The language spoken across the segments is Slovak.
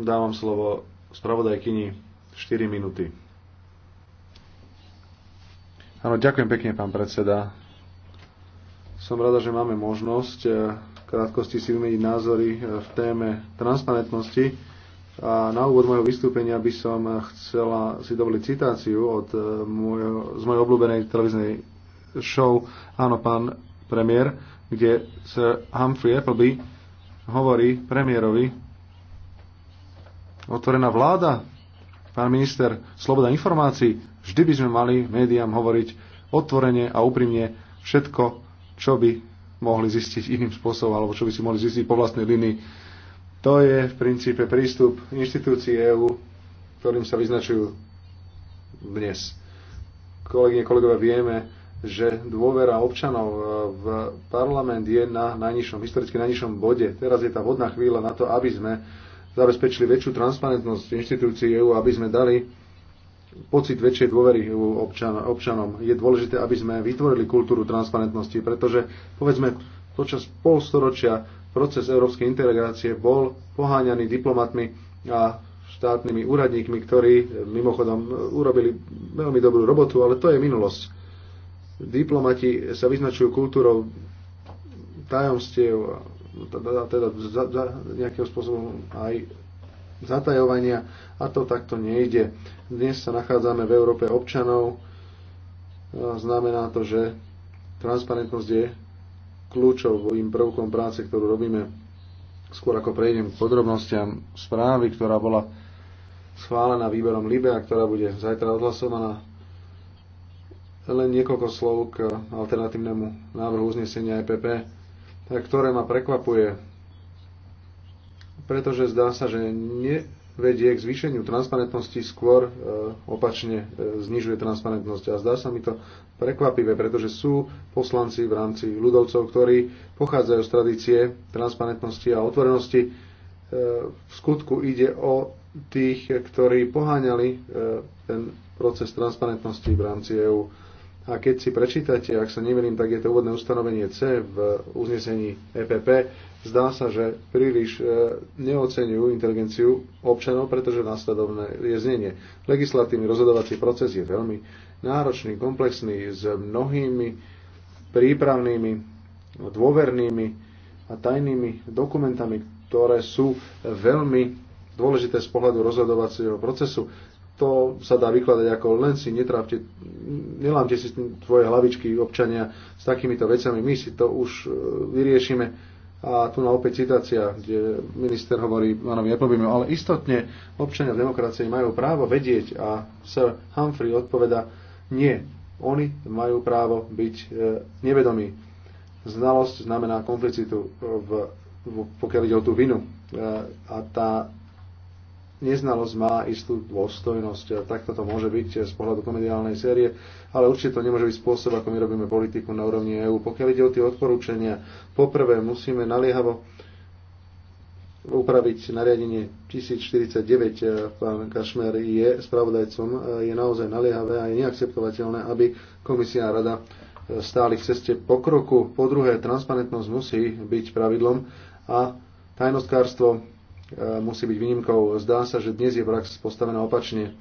Dávam slovo spravodajkyni 4 minúty. Áno, ďakujem pekne, pán predseda. Som rada, že máme možnosť eh, v krátkosti si vymeniť názory eh, v téme transparentnosti. A na úvod môjho vystúpenia by som eh, chcela si dovoliť citáciu od môjho, z mojej obľúbenej televíznej show Áno, pán premiér, kde Sir Humphrey Appleby hovorí premiérovi, otvorená vláda, pán minister, sloboda informácií, vždy by sme mali médiám hovoriť otvorene a úprimne všetko, čo by mohli zistiť iným spôsobom, alebo čo by si mohli zistiť po vlastnej linii. To je v princípe prístup inštitúcií EÚ, ktorým sa vyznačujú dnes. Kolegyne, kolegové, vieme, že dôvera občanov v parlament je na najnižšom, historicky najnižšom bode. Teraz je tá vodná chvíľa na to, aby sme zabezpečili väčšiu transparentnosť inštitúcií EÚ, aby sme dali pocit väčšej dôvery e občan, občanom. Je dôležité, aby sme vytvorili kultúru transparentnosti, pretože povedzme počas polstoročia proces európskej integrácie bol poháňaný diplomatmi a štátnymi úradníkmi, ktorí mimochodom urobili veľmi dobrú robotu, ale to je minulosť. Diplomati sa vyznačujú kultúrou tajomstiev teda, za, za, nejakého spôsobu aj zatajovania a to takto nejde. Dnes sa nachádzame v Európe občanov, znamená to, že transparentnosť je kľúčovým prvkom práce, ktorú robíme. Skôr ako prejdem k podrobnostiam správy, ktorá bola schválená výberom Libe a ktorá bude zajtra odhlasovaná. Len niekoľko slov k alternatívnemu návrhu uznesenia EPP ktoré ma prekvapuje, pretože zdá sa, že nevedie k zvýšeniu transparentnosti, skôr e, opačne e, znižuje transparentnosť. A zdá sa mi to prekvapivé, pretože sú poslanci v rámci ľudovcov, ktorí pochádzajú z tradície transparentnosti a otvorenosti. E, v skutku ide o tých, ktorí poháňali ten proces transparentnosti v rámci EÚ. A keď si prečítate, ak sa nemýlim, tak je to úvodné ustanovenie C v uznesení EPP, zdá sa, že príliš e, neocenujú inteligenciu občanov, pretože následovné je znenie. Legislatívny rozhodovací proces je veľmi náročný, komplexný, s mnohými prípravnými, dôvernými a tajnými dokumentami, ktoré sú veľmi dôležité z pohľadu rozhodovacieho procesu to sa dá vykladať ako len si netrávte, nelámte si tvoje hlavičky občania s takýmito vecami, my si to už e, vyriešime. A tu na opäť citácia, kde minister hovorí ja Applebymu, ale istotne občania v demokracii majú právo vedieť a Sir Humphrey odpoveda, nie, oni majú právo byť e, nevedomí. Znalosť znamená komplicitu, v, v, pokiaľ ide o tú vinu. E, a tá neznalosť má istú dôstojnosť. a Takto to môže byť z pohľadu komediálnej série, ale určite to nemôže byť spôsob, ako my robíme politiku na úrovni EÚ. Pokiaľ ide o tie odporúčania, poprvé musíme naliehavo upraviť nariadenie 1049. E, pán Kašmer je spravodajcom, e, je naozaj naliehavé a je neakceptovateľné, aby komisia a rada e, stáli v ceste pokroku. Po druhé, transparentnosť musí byť pravidlom a tajnostkárstvo E, musí byť výnimkou. Zdá sa, že dnes je prax postavená opačne.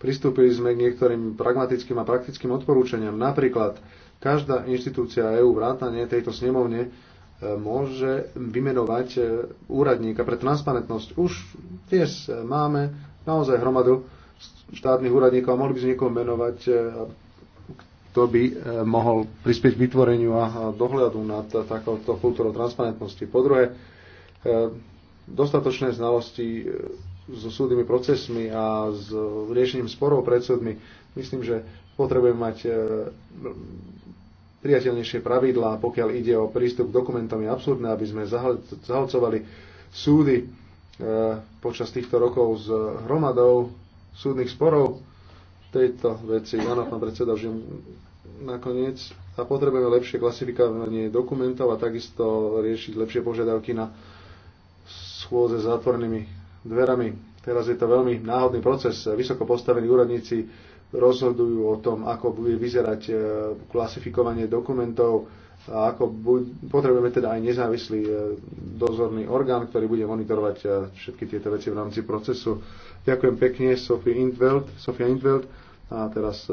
Pristúpili sme k niektorým pragmatickým a praktickým odporúčaniam. Napríklad, každá inštitúcia EÚ vrátane tejto snemovne e, môže vymenovať e, úradníka pre transparentnosť. Už dnes máme naozaj hromadu štátnych úradníkov a mohli by sme niekoho menovať, kto by mohol prispieť k vytvoreniu a dohľadu nad takouto kultúrou transparentnosti. Po druhé, Eh, dostatočné znalosti eh, so súdnymi procesmi a s riešením sporov pred súdmi. Myslím, že potrebujeme mať eh, priateľnejšie pravidlá, pokiaľ ide o prístup k dokumentom. Je absurdné, aby sme zahalcovali súdy počas týchto rokov s hromadou súdnych sporov tejto veci. Áno, pán predseda, už nakoniec. A potrebujeme lepšie klasifikovanie dokumentov a takisto riešiť lepšie požiadavky na schôdze s zatvorenými dverami. Teraz je to veľmi náhodný proces. Vysoko postavení úradníci rozhodujú o tom, ako bude vyzerať e, klasifikovanie dokumentov a ako buď, potrebujeme teda aj nezávislý e, dozorný orgán, ktorý bude monitorovať e, všetky tieto veci v rámci procesu. Ďakujem pekne, Sofia Intveld, Sofia Intveld a teraz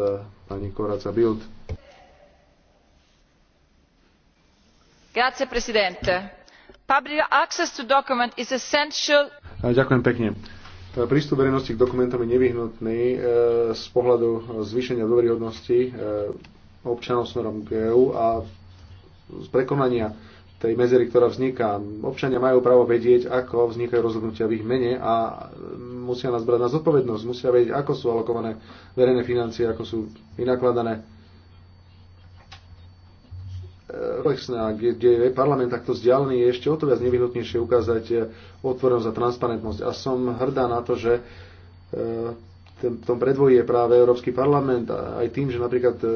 pani Koraca Bild. Grazie, presidente Ďakujem pekne. E, prístup verejnosti k dokumentom je nevyhnutný e, z pohľadu zvýšenia dôveryhodnosti e, občanov smerom k EU a z prekonania tej medzery, ktorá vzniká. Občania majú právo vedieť, ako vznikajú rozhodnutia v ich mene a musia nás brať na zodpovednosť, musia vedieť, ako sú alokované verejné financie, ako sú vynakladané a kde je parlament takto vzdialený, je ešte o to viac nevyhnutnejšie ukázať eh, otvorenosť a transparentnosť. A som hrdá na to, že eh, tom, tom predvoji je práve Európsky parlament a aj tým, že napríklad e,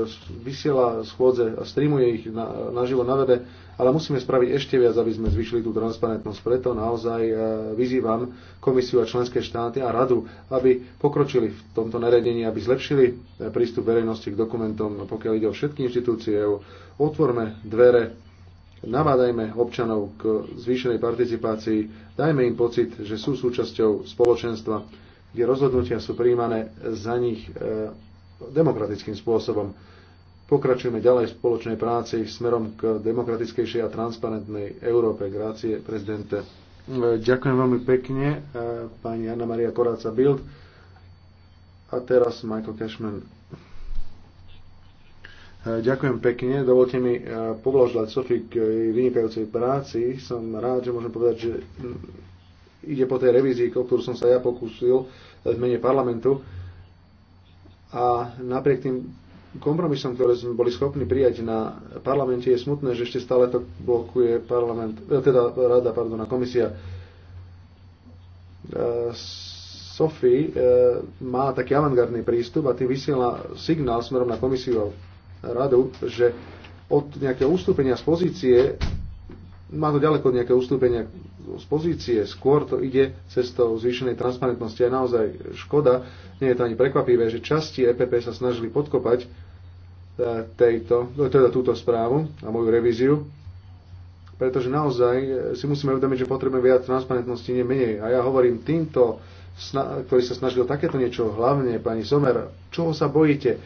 vysiela schôdze a streamuje ich na, naživo na webe, ale musíme spraviť ešte viac, aby sme zvyšili tú transparentnosť. Preto naozaj e, vyzývam komisiu a členské štáty a radu, aby pokročili v tomto naredení, aby zlepšili e, prístup verejnosti k dokumentom, no pokiaľ ide o všetky inštitúcie. Otvorme dvere navádajme občanov k zvýšenej participácii, dajme im pocit, že sú súčasťou spoločenstva kde rozhodnutia sú príjmané za nich e, demokratickým spôsobom. Pokračujeme ďalej v spoločnej práci smerom k demokratickejšej a transparentnej Európe. Grácie, prezidente. E, ďakujem veľmi pekne, e, pani Anna Maria Koráca Bild. A teraz Michael Cashman. Ďakujem pekne. Dovolte mi povlažovať Sofi k jej vynikajúcej práci. Som rád, že môžem povedať, že ide po tej revízii, o ktorú som sa ja pokúsil e, v mene parlamentu. A napriek tým kompromisom, ktoré sme boli schopní prijať na parlamente, je smutné, že ešte stále to blokuje parlament, e, teda rada, pardon, a komisia. E, Sophie má taký avantgardný prístup a tým vysiela signál smerom na komisiu a radu, že od nejakého ustúpenia z pozície má to ďaleko nejaké ustúpenia z pozície, skôr to ide cestou zvýšenej transparentnosti. A naozaj škoda, nie je to ani prekvapivé, že časti EPP sa snažili podkopať e, tejto, no, teda túto správu a moju revíziu, pretože naozaj e, si musíme uvedomiť, že potrebujeme viac transparentnosti, nie menej. A ja hovorím týmto, ktorí sa snažili takéto niečo, hlavne pani Somer, čoho sa bojíte?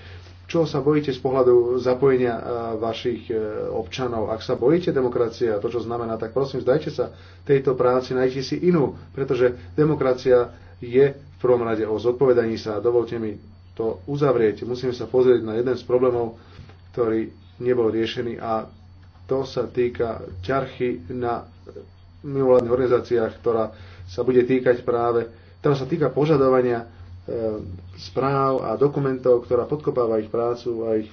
Čo sa bojíte z pohľadu zapojenia e, vašich e, občanov? Ak sa bojíte demokracie a to, čo znamená, tak prosím, zdajte sa tejto práci, nájdite si inú, pretože demokracia je v prvom rade o zodpovedaní sa. Dovolte mi to uzavrieť. Musíme sa pozrieť na jeden z problémov, ktorý nebol riešený a to sa týka ťarchy na mimovládnych organizáciách, ktorá sa bude týkať práve, ktorá sa týka požadovania Eh, správ a dokumentov, ktorá podkopáva ich prácu a ich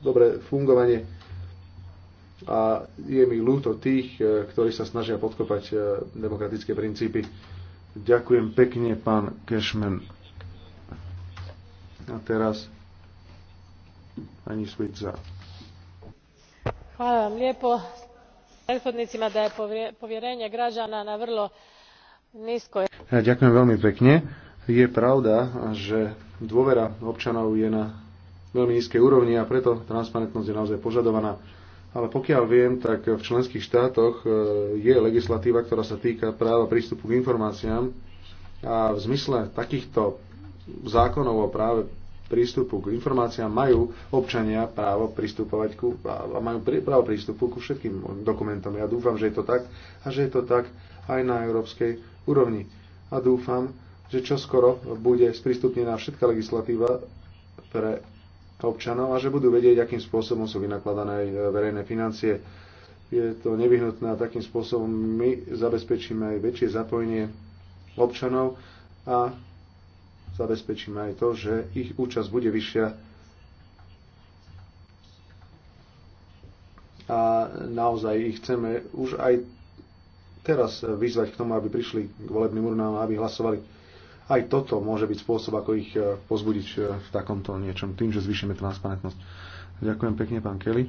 dobré fungovanie. A je mi ľúto tých, eh, ktorí sa snažia podkopať eh, demokratické princípy. Ďakujem pekne, pán Cashman. A teraz pani Švica. Hvala vam lijepo prethodnicima da povjerenje građana na vrlo niskoj. Ďakujem veľmi pekne je pravda, že dôvera občanov je na veľmi nízkej úrovni a preto transparentnosť je naozaj požadovaná. Ale pokiaľ viem, tak v členských štátoch e, je legislatíva, ktorá sa týka práva prístupu k informáciám a v zmysle takýchto zákonov o práve prístupu k informáciám majú občania právo pristupovať ku, a majú právo prístupu ku všetkým dokumentom. Ja dúfam, že je to tak a že je to tak aj na európskej úrovni. A dúfam, že čoskoro bude sprístupnená všetká legislatíva pre občanov a že budú vedieť, akým spôsobom sú vynakladané e, verejné financie. Je to nevyhnutné a takým spôsobom my zabezpečíme aj väčšie zapojenie občanov a zabezpečíme aj to, že ich účasť bude vyššia a naozaj ich chceme už aj teraz vyzvať k tomu, aby prišli k volebným urnám a aby hlasovali aj toto môže byť spôsob, ako ich e, pozbudiť e, v takomto niečom, tým, že zvýšime transparentnosť. Ďakujem pekne, pán Kelly.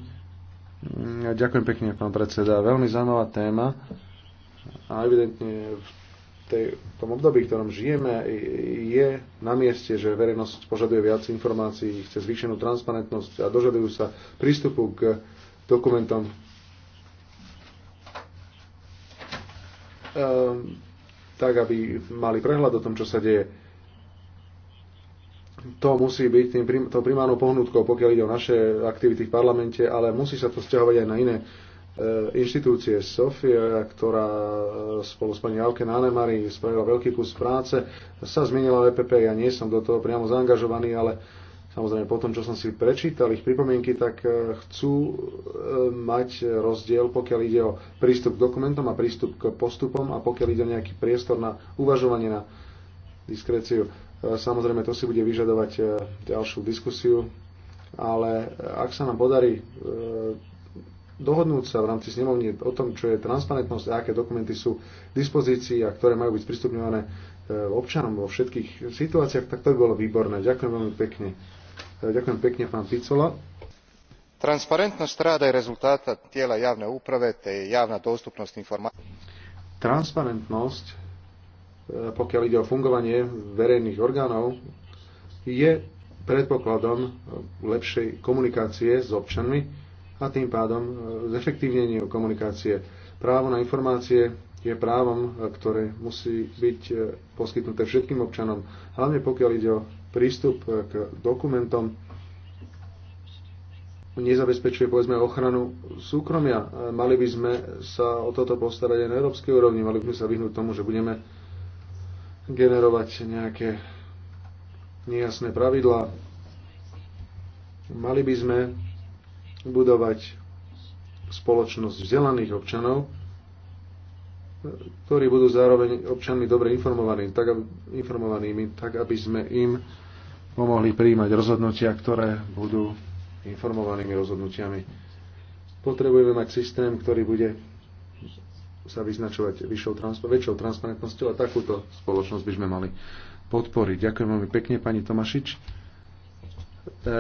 Mm, ďakujem pekne, pán predseda. Veľmi zaujímavá téma. A evidentne v tej, v tom období, v ktorom žijeme, je na mieste, že verejnosť požaduje viac informácií, chce zvýšenú transparentnosť a dožadujú sa prístupu k dokumentom. Um, tak aby mali prehľad o tom, čo sa deje. To musí byť tým prim, to primárnou pohnutkou, pokiaľ ide o naše aktivity v parlamente, ale musí sa to vzťahovať aj na iné e, inštitúcie. Sofia, ktorá e, spolu s pani Alke Nánemari spravila veľký kus práce, sa zmenila VPP. E ja nie som do toho priamo zaangažovaný, ale Samozrejme, po tom, čo som si prečítal ich pripomienky, tak e, chcú e, mať rozdiel, pokiaľ ide o prístup k dokumentom a prístup k postupom a pokiaľ ide o nejaký priestor na uvažovanie na diskreciu. E, samozrejme, to si bude vyžadovať ďalšiu diskusiu, ale ak sa nám podarí dohodnúť sa v rámci snemovne o tom, čo je transparentnosť a aké dokumenty sú v dispozícii a ktoré majú byť sprístupňované občanom vo všetkých situáciách, tak to by bolo výborné. Ďakujem veľmi pekne. E, ďakujem pekne, pán Picola. Transparentnosť rada je rezultáta tijela javne uprave, te je javna dostupnosť informácií. Transparentnosť, e, pokiaľ ide o fungovanie verejných orgánov, je predpokladom lepšej komunikácie s občanmi a tým pádom e, zefektívnenie komunikácie. Právo na informácie je právom, ktoré musí byť poskytnuté všetkým občanom, hlavne pokiaľ ide o prístup k dokumentom nezabezpečuje povedzme ochranu súkromia. Mali by sme sa o toto postarať aj na európskej úrovni, mali by sme sa vyhnúť tomu, že budeme generovať nejaké nejasné pravidlá. Mali by sme budovať spoločnosť vzdelaných občanov, ktorí budú zároveň občanmi dobre informovaní, tak, aby, informovanými, tak aby sme im pomohli príjmať rozhodnutia, ktoré budú informovanými rozhodnutiami. Potrebujeme mať systém, ktorý bude sa vyznačovať vyššou, väčšou transparentnosťou a takúto spoločnosť by sme mali podporiť. Ďakujem veľmi pekne, pani Tomašič. E,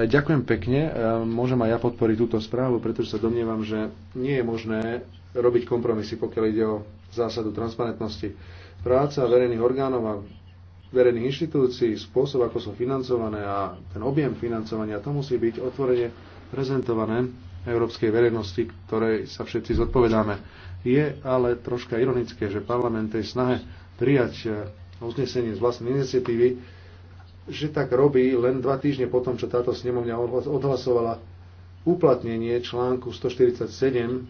ďakujem pekne. E, môžem aj ja podporiť túto správu, pretože sa domnievam, že nie je možné robiť kompromisy, pokiaľ ide o zásadu transparentnosti. Práca verejných orgánov a verejných inštitúcií, spôsob, ako sú financované a ten objem financovania, to musí byť otvorene prezentované európskej verejnosti, ktorej sa všetci zodpovedáme. Je ale troška ironické, že parlament tej snahe prijať eh, uznesenie z vlastnej iniciatívy, že tak robí len dva týždne potom, čo táto snemovňa odhlasovala uplatnenie článku 147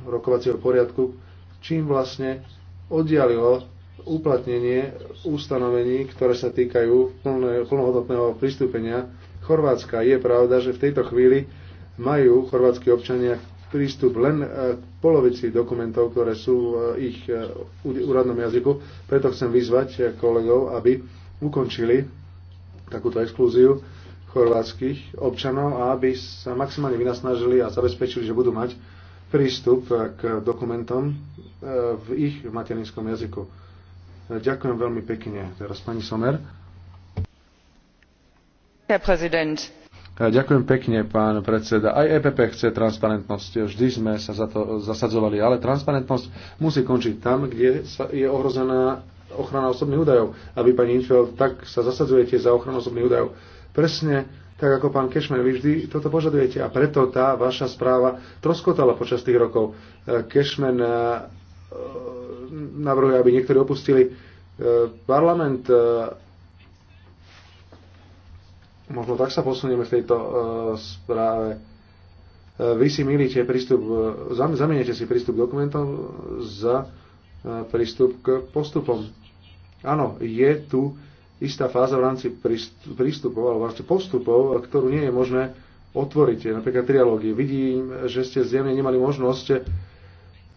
rokovacieho poriadku, čím vlastne oddialilo uplatnenie ustanovení, ktoré sa týkajú plnohodnotného pristúpenia Chorvátska. Je pravda, že v tejto chvíli majú chorvátsky občania prístup len e, k polovici dokumentov, ktoré sú v e, ich úradnom e, jazyku. Preto chcem vyzvať kolegov, aby ukončili takúto exkluziu chorvátskych občanov a aby sa maximálne vynasnažili a zabezpečili, že budú mať prístup k dokumentom v ich materinskom jazyku. Ďakujem veľmi pekne. Teraz pani Somer. Ďakujem pekne, pán predseda. Aj EPP chce transparentnosť. Vždy sme sa za to zasadzovali, ale transparentnosť musí končiť tam, kde je ohrozená ochrana osobných údajov. A vy, pani Infeld, tak sa zasadzujete za ochranu osobných údajov. Presne tak ako pán Kešmer, vy vždy toto požadujete a preto tá vaša správa troskotala počas tých rokov. E, Kešmer e, navrhuje, aby niektorí opustili e, parlament. E, možno tak sa posunieme v tejto e, správe. Vy si milíte prístup, zamienete si prístup k dokumentom za prístup k postupom. Áno, je tu istá fáza v rámci prístupov alebo v rámci postupov, ktorú nie je možné otvoriť, napríklad trialógie. Vidím, že ste zjemne nemali možnosť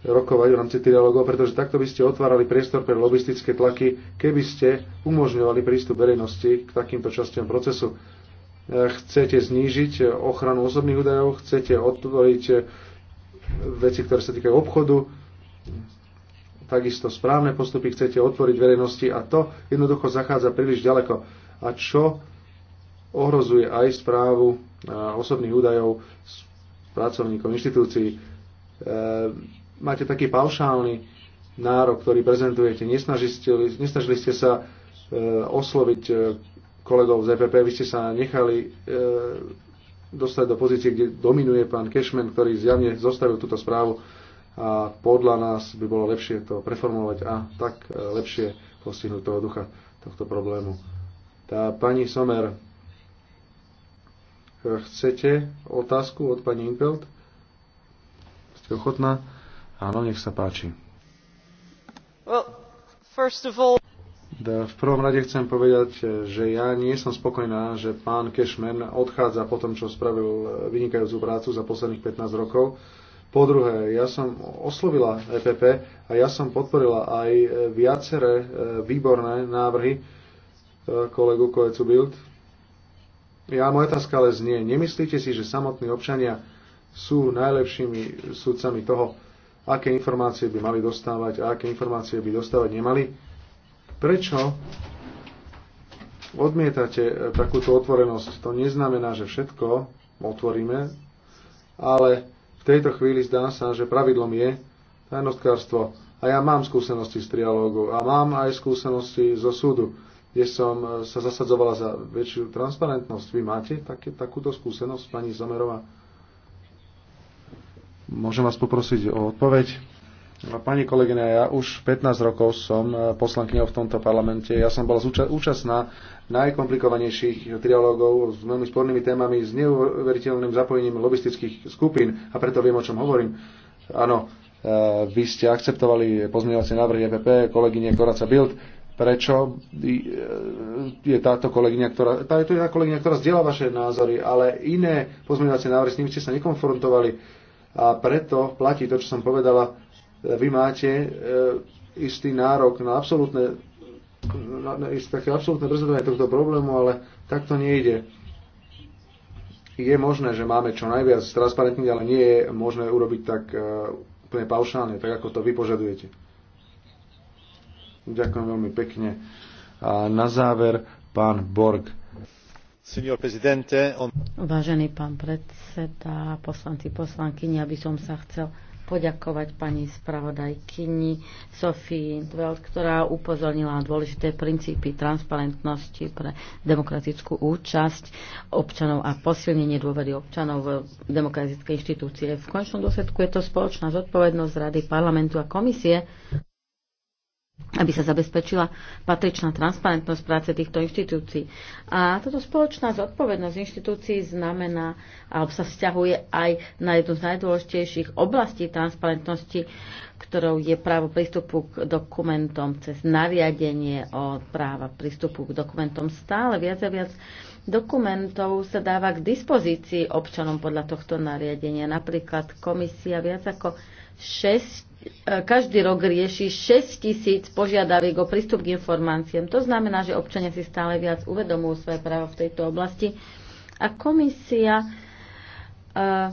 rokovať v rámci trialogov, pretože takto by ste otvárali priestor pre lobistické tlaky, keby ste umožňovali prístup verejnosti k takýmto častiam procesu. E, chcete znížiť ochranu osobných údajov, chcete otvoriť e, veci, ktoré sa týkajú obchodu, takisto správne postupy chcete otvoriť verejnosti a to jednoducho zachádza príliš ďaleko. A čo ohrozuje aj správu e, osobných údajov s pracovníkom inštitúcií máte taký paušálny nárok, ktorý prezentujete. Nesnažili, nesnažili ste sa e, osloviť e, kolegov z EPP, vy ste sa nechali e, dostať do pozície, kde dominuje pán Kešmen, ktorý zjavne zostavil túto správu a podľa nás by bolo lepšie to preformulovať a tak e, lepšie postihnúť toho ducha tohto problému. Tá pani Somer, e, chcete otázku od pani Impelt? Ste ochotná? Áno, nech sa páči. Well, first of all... V prvom rade chcem povedať, že ja nie som spokojná, že pán Cashman odchádza po tom, čo spravil eh, vynikajúcu prácu za posledných 15 rokov. Po druhé, ja som oslovila EPP a ja som podporila aj eh, viaceré eh, výborné návrhy kolegu Koecu Bild. Ja, moja otázka ale znie, nemyslíte si, že samotní občania sú najlepšími sudcami toho, aké informácie by mali dostávať a aké informácie by dostávať nemali. Prečo odmietate takúto otvorenosť? To neznamená, že všetko otvoríme, ale v tejto chvíli zdá sa, že pravidlom je tajnostkárstvo. A ja mám skúsenosti z trialógu a mám aj skúsenosti zo súdu, kde som sa zasadzovala za väčšiu transparentnosť. Vy máte také, takúto skúsenosť, pani Zomerová? Môžem vás poprosiť o odpoveď? No, pani kolegyňa, ja už 15 rokov som e, poslankyňou v tomto parlamente. Ja som bola účastná najkomplikovanejších trialógov s veľmi spornými témami, s neuveriteľným zapojením lobistických skupín a preto viem, o čom hovorím. Áno, e, vy ste akceptovali pozmeňovacie návrhy EPP, kolegyne Koraca Bild. Prečo e, je táto kolegyňa, ktorá, tá je to jedna kolegyňa, ktorá zdieľa vaše názory, ale iné pozmeňovacie návrhy, s nimi ste sa nekonfrontovali a preto platí to, čo som povedala, vy máte e, istý nárok na absolútne na, na na, také absolútne rozhodovanie tohto problému, ale takto nejde. Je možné, že máme čo najviac transparentných, ale nie je možné urobiť tak uh, úplne paušálne, tak ako to vy požadujete. Ďakujem veľmi pekne. A na záver pán Borg. Vážený pán predseda, poslanci, poslankyni, aby som sa chcel poďakovať pani spravodajkyni Sofii Dveld, ktorá upozornila na dôležité princípy transparentnosti pre demokratickú účasť občanov a posilnenie dôvery občanov v demokratické inštitúcie. V končnom dôsledku je to spoločná zodpovednosť Rady parlamentu a komisie aby sa zabezpečila patričná transparentnosť práce týchto inštitúcií. A toto spoločná zodpovednosť inštitúcií znamená, alebo sa vzťahuje aj na jednu z najdôležitejších oblastí transparentnosti, ktorou je právo prístupu k dokumentom cez nariadenie o práva prístupu k dokumentom. Stále viac a viac dokumentov sa dáva k dispozícii občanom podľa tohto nariadenia. Napríklad komisia viac ako 6, e, každý rok rieši 6 tisíc požiadaviek o prístup k informáciám. To znamená, že občania si stále viac uvedomujú svoje právo v tejto oblasti. A komisia e,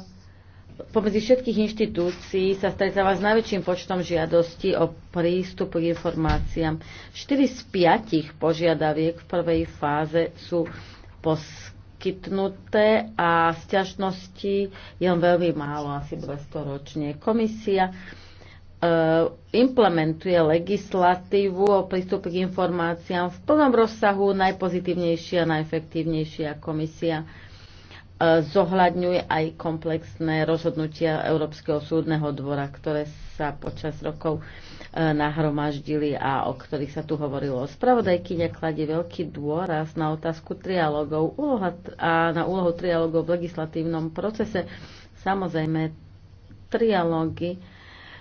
pomedzi všetkých inštitúcií sa stretáva s najväčším počtom žiadostí o prístup k informáciám. 4 z 5 požiadaviek v prvej fáze sú poskytnuté poskytnuté a sťažnosti je len veľmi málo, asi 200 ročne. Komisia e, implementuje legislatívu o prístupe k informáciám v plnom rozsahu najpozitívnejšia a najefektívnejšia komisia E, zohľadňuje aj komplexné rozhodnutia Európskeho súdneho dvora, ktoré sa počas rokov e, nahromaždili a o ktorých sa tu hovorilo. Spravodajkyňa kladie veľký dôraz na otázku trialogov a na úlohu trialogov v legislatívnom procese. Samozrejme, trialógy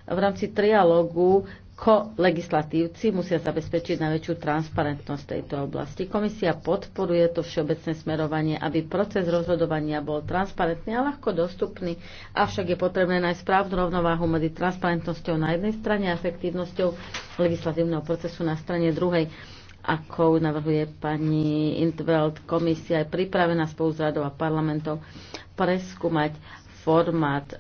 v rámci trialógu Ko-legislatívci musia zabezpečiť najväčšiu transparentnosť tejto oblasti. Komisia podporuje to všeobecné smerovanie, aby proces rozhodovania bol transparentný a ľahko dostupný, avšak je potrebné nájsť správnu rovnováhu medzi transparentnosťou na jednej strane a efektívnosťou legislatívneho procesu na strane druhej ako navrhuje pani Intveld, komisia je pripravená spolu s radou a parlamentom preskúmať formát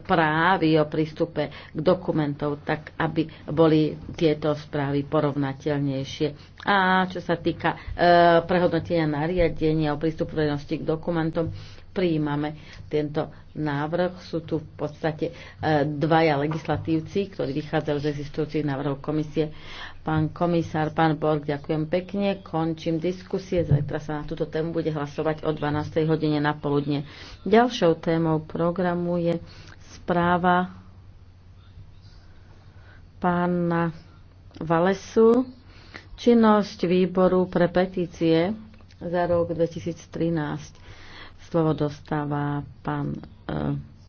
správy o prístupe k dokumentov, tak aby boli tieto správy porovnateľnejšie. A čo sa týka e, prehodnotenia nariadenia o prístupnosti k dokumentom, prijímame tento návrh. Sú tu v podstate e, dvaja legislatívci, ktorí vychádzajú z existujúcich návrhov komisie. Pán komisár, pán Borg, ďakujem pekne. Končím diskusie. Zajtra sa na túto tému bude hlasovať o 12. hodine na poludne. Ďalšou témou programu je správa pána Valesu, činnosť výboru pre petície za rok 2013. Slovo dostáva pán eh,